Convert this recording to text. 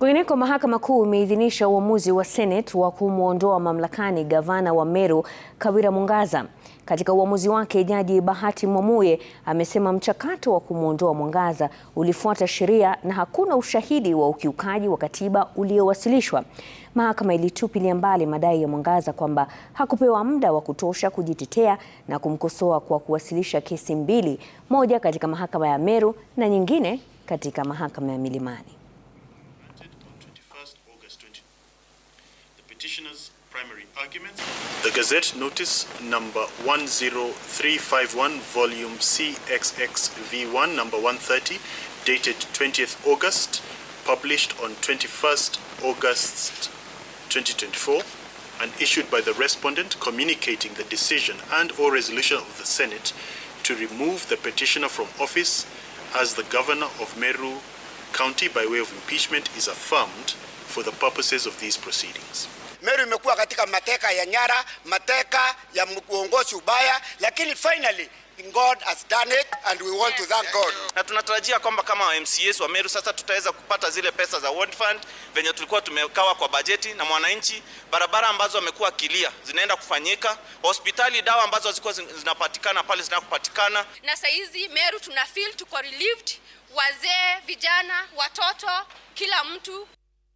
Kwingineko, mahakama kuu imeidhinisha uamuzi wa Senate wa kumwondoa mamlakani gavana wa Meru Kawira Mwangaza. Katika uamuzi wake, Jaji Bahati Mwamuye amesema mchakato wa kumwondoa Mwangaza ulifuata sheria na hakuna ushahidi wa ukiukaji wa katiba uliowasilishwa. Mahakama ilitupilia mbali madai ya Mwangaza kwamba hakupewa muda wa kutosha kujitetea na kumkosoa kwa kuwasilisha kesi mbili, moja katika mahakama ya Meru na nyingine katika mahakama ya Milimani. verse 20. The petitioner's primary arguments. The Gazette notice number 10351, volume CXXV1, number 130, dated 20th August, published on 21st August 2024 and issued by the respondent communicating the decision and or resolution of the Senate to remove the petitioner from office as the governor of Meru County by way of impeachment is affirmed for the purposes of these proceedings. Meru imekuwa katika mateka ya nyara, mateka ya uongozi ubaya, lakini finally God has done it and we want to thank God. Na tunatarajia kwamba kama MCS wa Meru sasa tutaweza kupata zile pesa za World Fund venye tulikuwa tumekawa kwa bajeti, na mwananchi, barabara ambazo wamekuwa kilia zinaenda kufanyika, hospitali, dawa ambazo hazikuwa zinapatikana pale zinakupatikana. Na saizi Meru tuna feel tuko relieved, wazee, vijana, watoto, kila mtu